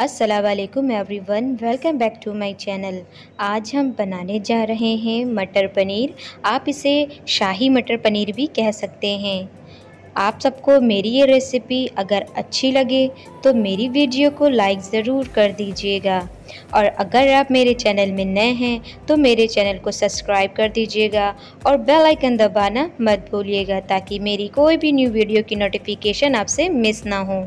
every one welcome back to my channel आज हम बनाने जा रहे हैं मटर पनीर आप इसे शाही मटर पनीर भी कह सकते हैं आप सबको मेरी ये रेसिपी अगर अच्छी लगे तो मेरी वीडियो को लाइक ज़रूर कर दीजिएगा और अगर आप मेरे चैनल में नए हैं तो मेरे चैनल को सब्सक्राइब कर दीजिएगा और बेल आइकन दबाना मत भूलिएगा ताकि मेरी कोई भी न्यू वीडियो की नोटिफिकेशन आपसे मिस ना हो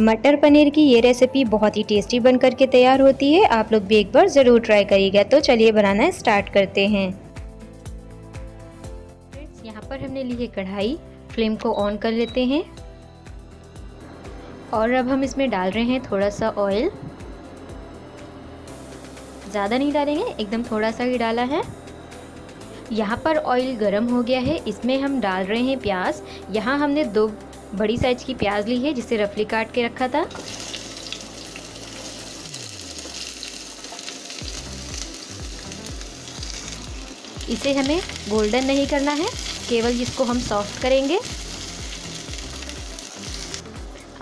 मटर पनीर की ये रेसिपी बहुत ही टेस्टी बन करके तैयार होती है आप लोग भी एक बार ज़रूर ट्राई करिएगा तो चलिए बनाना स्टार्ट करते हैं यहाँ पर हमने ली है कढ़ाई फ्लेम को ऑन कर लेते हैं और अब हम इसमें डाल रहे हैं थोड़ा सा ऑयल ज़्यादा नहीं डालेंगे एकदम थोड़ा सा ही डाला है यहाँ पर ऑयल गर्म हो गया है इसमें हम डाल रहे हैं प्याज यहाँ हमने दो बड़ी साइज की प्याज ली है जिसे रफली काट के रखा था इसे हमें गोल्डन नहीं करना है केवल इसको हम सॉफ्ट करेंगे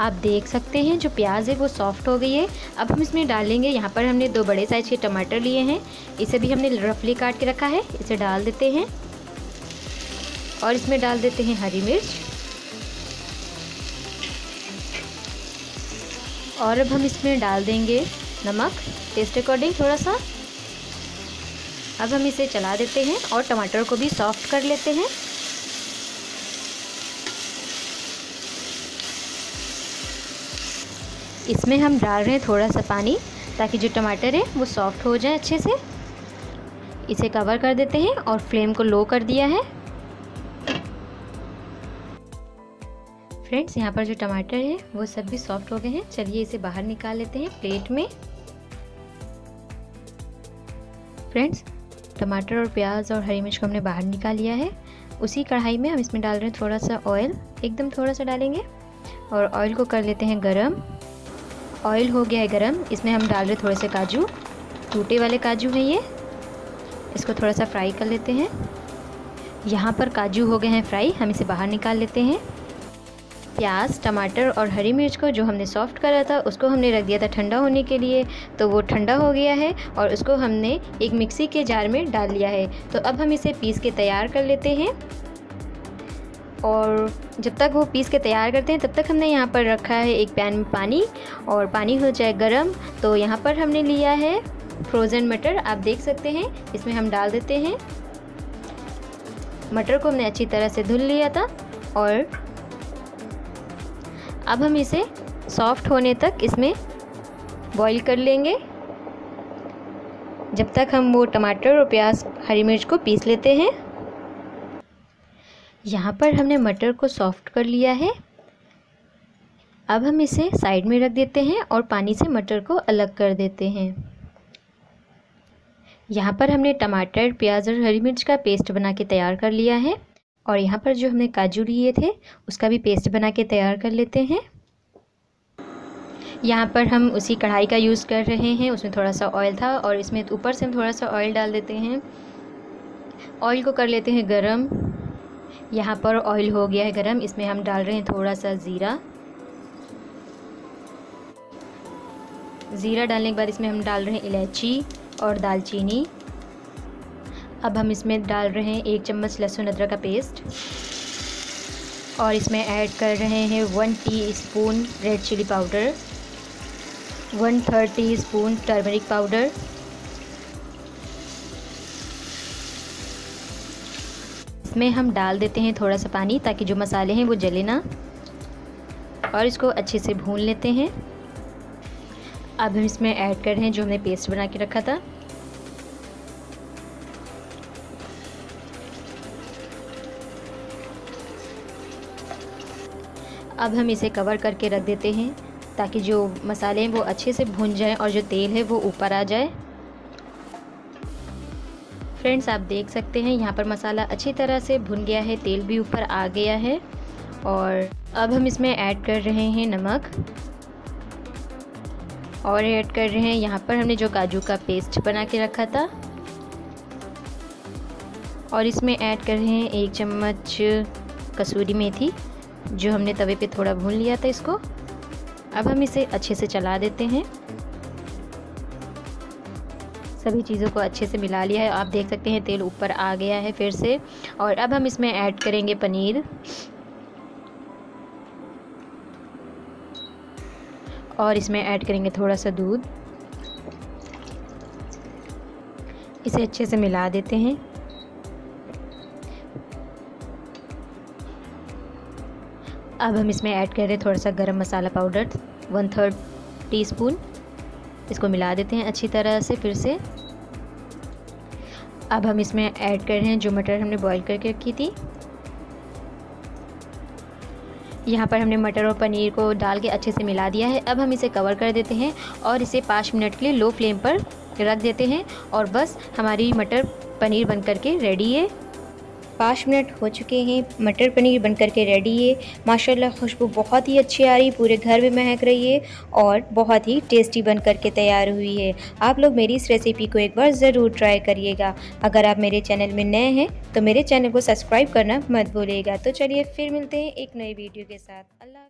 आप देख सकते हैं जो प्याज है वो सॉफ्ट हो गई है अब हम इसमें डालेंगे यहाँ पर हमने दो बड़े साइज के टमाटर लिए हैं इसे भी हमने रफली काट के रखा है इसे डाल देते हैं और इसमें डाल देते हैं हरी मिर्च और अब हम इसमें डाल देंगे नमक टेस्ट अकॉर्डिंग थोड़ा सा अब हम इसे चला देते हैं और टमाटर को भी सॉफ्ट कर लेते हैं इसमें हम डाल रहे हैं थोड़ा सा पानी ताकि जो टमाटर है वो सॉफ्ट हो जाए अच्छे से इसे कवर कर देते हैं और फ्लेम को लो कर दिया है फ्रेंड्स यहाँ पर जो टमाटर है वो सब भी सॉफ्ट हो गए हैं चलिए इसे बाहर निकाल लेते हैं प्लेट में फ्रेंड्स टमाटर और प्याज और हरी मिर्च को हमने बाहर निकाल लिया है उसी कढ़ाई में हम इसमें डाल रहे हैं थोड़ा सा ऑयल एकदम थोड़ा सा डालेंगे और ऑयल को कर लेते हैं गरम ऑयल हो गया है गरम इसमें हम डाल रहे हैं थोड़े से काजू टूटे वाले काजू हैं ये इसको थोड़ा सा फ्राई कर लेते हैं यहाँ पर काजू हो गए हैं फ्राई हम इसे बाहर निकाल लेते हैं प्याज टमाटर और हरी मिर्च को जो हमने सॉफ्ट करा था उसको हमने रख दिया था ठंडा होने के लिए तो वो ठंडा हो गया है और उसको हमने एक मिक्सी के जार में डाल लिया है तो अब हम इसे पीस के तैयार कर लेते हैं और जब तक वो पीस के तैयार करते हैं तब तक हमने यहाँ पर रखा है एक पैन में पानी और पानी हो जाए गर्म तो यहाँ पर हमने लिया है फ्रोज़न मटर आप देख सकते हैं इसमें हम डाल देते हैं मटर को हमने अच्छी तरह से धुल लिया था और अब हम इसे सॉफ्ट होने तक इसमें बॉईल कर लेंगे जब तक हम वो टमाटर और प्याज हरी मिर्च को पीस लेते हैं यहाँ पर हमने मटर को सॉफ्ट कर लिया है अब हम इसे साइड में रख देते हैं और पानी से मटर को अलग कर देते हैं यहाँ पर हमने टमाटर प्याज और हरी मिर्च का पेस्ट बना के तैयार कर लिया है और यहाँ पर जो हमने काजू लिए थे उसका भी पेस्ट बना के तैयार कर लेते हैं यहाँ पर हम उसी कढ़ाई का यूज़ कर रहे हैं उसमें थोड़ा सा ऑयल था और इसमें ऊपर से हम थोड़ा सा ऑयल डाल देते हैं ऑयल को कर लेते हैं गरम यहाँ पर ऑयल हो गया है गरम इसमें हम डाल रहे हैं थोड़ा सा ज़ीरा ज़ीरा डालने के बाद इसमें हम डाल रहे हैं इलायची और दालचीनी अब हम इसमें डाल रहे हैं एक चम्मच लहसुन अदरक का पेस्ट और इसमें ऐड कर रहे हैं one teaspoon red chilli powder one third teaspoon turmeric powder इसमें हम डाल देते हैं थोड़ा सा पानी ताकि जो मसाले हैं वो जले ना और इसको अच्छे से भून लेते हैं अब हम इसमें ऐड कर रहे हैं जो हमने पेस्ट बना के रखा था अब हम इसे कवर करके रख देते हैं ताकि जो मसाले हैं वो अच्छे से भुन जाएं और जो तेल है वो ऊपर आ जाए फ्रेंड्स आप देख सकते हैं यहाँ पर मसाला अच्छी तरह से भुन गया है तेल भी ऊपर आ गया है और अब हम इसमें ऐड कर रहे हैं नमक और ऐड कर रहे हैं यहाँ पर हमने जो काजू का पेस्ट बना के रखा था और इसमें ऐड कर रहे हैं एक चम्मच कसूरी मेथी जो हमने तवे पे थोड़ा भून लिया था इसको अब हम इसे अच्छे से चला देते हैं सभी चीज़ों को अच्छे से मिला लिया है आप देख सकते हैं तेल ऊपर आ गया है फिर से और अब हम इसमें ऐड करेंगे पनीर और इसमें ऐड करेंगे थोड़ा सा दूध इसे अच्छे से मिला देते हैं अब हम इसमें ऐड कर रहे हैं थोड़ा सा garam masala powder one third teaspoon इसको मिला देते हैं अच्छी तरह से फिर से अब हम इसमें ऐड कर रहे हैं जो मटर हमने बॉईल करके रखी थी यहाँ पर हमने मटर और पनीर को डाल के अच्छे से मिला दिया है अब हम इसे कवर कर देते हैं और इसे पाँच मिनट के लिए लो फ्लेम पर रख देते हैं और बस हमारी मटर पनीर बन करके रेडी है पाँच मिनट हो चुके हैं मटर पनीर बन के रेडी है माशाल्लाह खुशबू बहुत ही अच्छी आ रही पूरे घर में महक रही है और बहुत ही टेस्टी बन के तैयार हुई है आप लोग मेरी इस रेसिपी को एक बार ज़रूर ट्राई करिएगा अगर आप मेरे चैनल में नए हैं तो मेरे चैनल को सब्सक्राइब करना मत भूलिएगा तो चलिए फिर मिलते हैं एक नई वीडियो के साथ अल्लाह